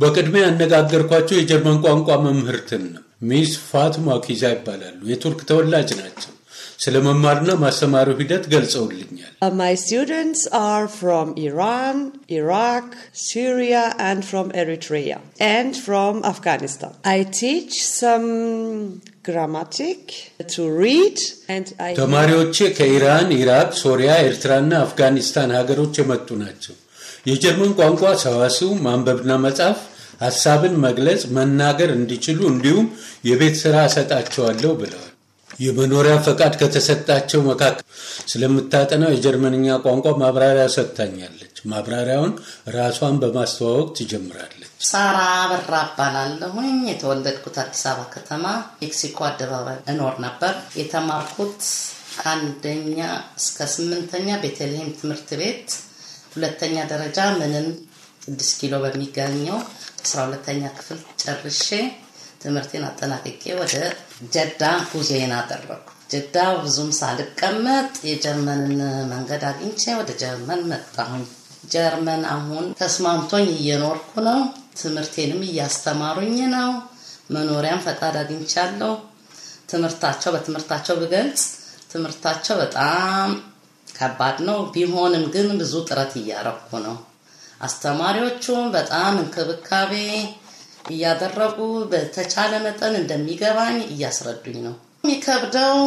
በቅድሚያ ያነጋገርኳቸው የጀርመን ቋንቋ መምህርትን ነው። ሚስ ፋትማ ኪዛ ይባላሉ። የቱርክ ተወላጅ ናቸው። ስለ መማርና ማስተማሩ ሂደት ገልጸውልኛል። ማይ ስቱደንትስ አር ፍሮም ኢራን፣ ኢራክ ሲሪያ አንድ ፍሮም ኤሪትሪያ አንድ ፍሮም አፍጋኒስታን አይ ቲች ሰም ግራማቲክ ቱ ሪድ። ተማሪዎቼ ከኢራን፣ ኢራቅ፣ ሶሪያ፣ ኤርትራና አፍጋኒስታን ሀገሮች የመጡ ናቸው። የጀርመን ቋንቋ ሰዋስው ማንበብና መጻፍ ሀሳብን መግለጽ መናገር እንዲችሉ እንዲሁም የቤት ስራ እሰጣቸዋለሁ ብለዋል የመኖሪያ ፈቃድ ከተሰጣቸው መካከል ስለምታጠናው የጀርመንኛ ቋንቋ ማብራሪያ ሰጥታኛለች ማብራሪያውን ራሷን በማስተዋወቅ ትጀምራለች ሳራ አበራ እባላለሁኝ የተወለድኩት አዲስ አበባ ከተማ ሜክሲኮ አደባባይ እኖር ነበር የተማርኩት ከአንደኛ እስከ ስምንተኛ ቤተልሔም ትምህርት ቤት ሁለተኛ ደረጃ ምንም ስድስት ኪሎ በሚገኘው አስራ ሁለተኛ ክፍል ጨርሼ ትምህርቴን አጠናቅቄ ወደ ጀዳ ጉዞዬን አደረኩ። ጀዳ ብዙም ሳልቀመጥ የጀርመንን መንገድ አግኝቼ ወደ ጀርመን መጣሁኝ። ጀርመን አሁን ተስማምቶኝ እየኖርኩ ነው። ትምህርቴንም እያስተማሩኝ ነው። መኖሪያም ፈቃድ አግኝቻለሁ። ትምህርታቸው በትምህርታቸው ብገልጽ ትምህርታቸው በጣም ከባድ ነው። ቢሆንም ግን ብዙ ጥረት እያረኩ ነው። አስተማሪዎቹም በጣም እንክብካቤ እያደረጉ በተቻለ መጠን እንደሚገባኝ እያስረዱኝ ነው። የሚከብደው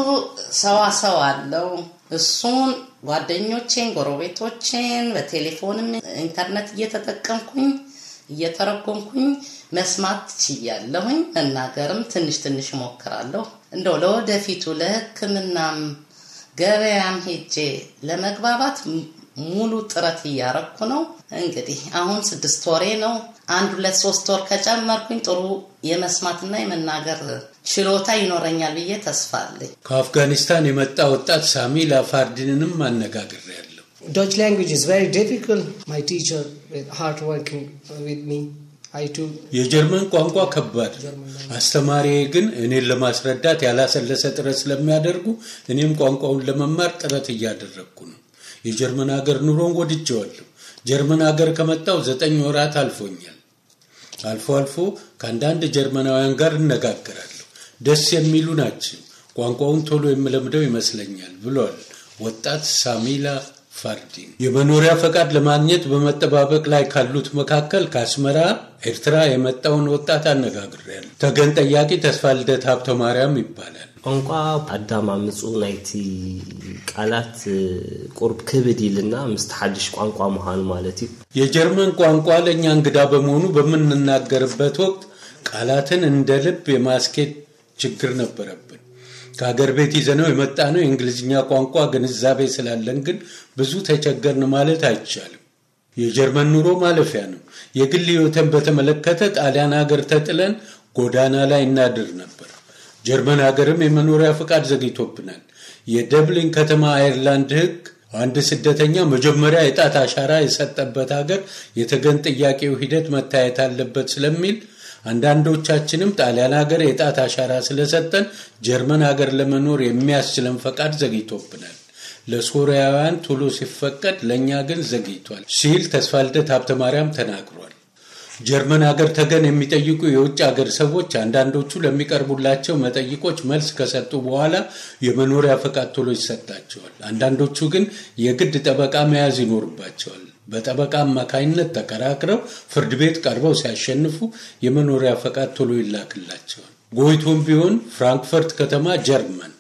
ሰዋሰው አለው። እሱን ጓደኞቼን፣ ጎረቤቶቼን በቴሌፎንም ኢንተርኔት እየተጠቀምኩኝ እየተረጎምኩኝ መስማት ችያለሁኝ። መናገርም ትንሽ ትንሽ እሞክራለሁ። እንደው ለወደፊቱ ለሕክምናም ገበያም ሄጄ ለመግባባት ሙሉ ጥረት እያረኩ ነው። እንግዲህ አሁን ስድስት ወሬ ነው። አንድ ሁለት ሶስት ወር ከጨመርኩኝ ጥሩ የመስማትና የመናገር ችሎታ ይኖረኛል ብዬ ተስፋ አለኝ። ከአፍጋኒስታን የመጣ ወጣት ሳሚ ላፋርዲንንም አነጋግሬያለሁ። ዶች ላንጉጅ ኢዝ ቨሪ ዲፊክልት ማይ ቲቸር ሃርድ ወርኪንግ ዊዝ ሚ የጀርመን ቋንቋ ከባድ አስተማሪ ግን እኔን ለማስረዳት ያላሰለሰ ጥረት ስለሚያደርጉ እኔም ቋንቋውን ለመማር ጥረት እያደረግኩ ነው የጀርመን ሀገር ኑሮን ወድጀዋለሁ ጀርመን ሀገር ከመጣው ዘጠኝ ወራት አልፎኛል አልፎ አልፎ ከአንዳንድ ጀርመናውያን ጋር እነጋገራለሁ ደስ የሚሉ ናቸው ቋንቋውን ቶሎ የምለምደው ይመስለኛል ብሏል ወጣት ሳሚላ ፋርቲ የመኖሪያ ፈቃድ ለማግኘት በመጠባበቅ ላይ ካሉት መካከል ከአስመራ ኤርትራ የመጣውን ወጣት አነጋግሬያለሁ። ተገን ጠያቂ ተስፋ ልደት ሀብተ ማርያም ይባላል። ቋንቋ ኣዳማምፁ ናይቲ ቃላት ቁርብ ክብድ ኢልና ምስቲ ሓድሽ ቋንቋ ምዃኑ ማለት እዩ የጀርመን ቋንቋ ለእኛ እንግዳ በመሆኑ በምንናገርበት ወቅት ቃላትን እንደ ልብ የማስኬድ ችግር ነበረብን። ከሀገር ቤት ይዘነው የመጣ ነው የእንግሊዝኛ ቋንቋ ግንዛቤ ስላለን ግን ብዙ ተቸገርን ማለት አይቻልም። የጀርመን ኑሮ ማለፊያ ነው። የግል ሕይወትን በተመለከተ ጣሊያን ሀገር ተጥለን ጎዳና ላይ እናድር ነበር። ጀርመን ሀገርም የመኖሪያ ፈቃድ ዘግይቶብናል። የደብሊን ከተማ አየርላንድ ሕግ አንድ ስደተኛ መጀመሪያ የጣት አሻራ የሰጠበት ሀገር የተገን ጥያቄው ሂደት መታየት አለበት ስለሚል አንዳንዶቻችንም ጣሊያን ሀገር የጣት አሻራ ስለሰጠን ጀርመን ሀገር ለመኖር የሚያስችለን ፈቃድ ዘግይቶብናል ለሶርያውያን ቶሎ ሲፈቀድ ለእኛ ግን ዘግይቷል ሲል ተስፋ ልደት ሀብተ ማርያም ተናግሯል ጀርመን ሀገር ተገን የሚጠይቁ የውጭ ሀገር ሰዎች አንዳንዶቹ ለሚቀርቡላቸው መጠይቆች መልስ ከሰጡ በኋላ የመኖሪያ ፈቃድ ቶሎ ይሰጣቸዋል አንዳንዶቹ ግን የግድ ጠበቃ መያዝ ይኖርባቸዋል በጠበቃ አማካኝነት ተከራክረው ፍርድ ቤት ቀርበው ሲያሸንፉ የመኖሪያ ፈቃድ ቶሎ ይላክላቸዋል። ጎይቶም ቢሆን ፍራንክፈርት ከተማ ጀርመን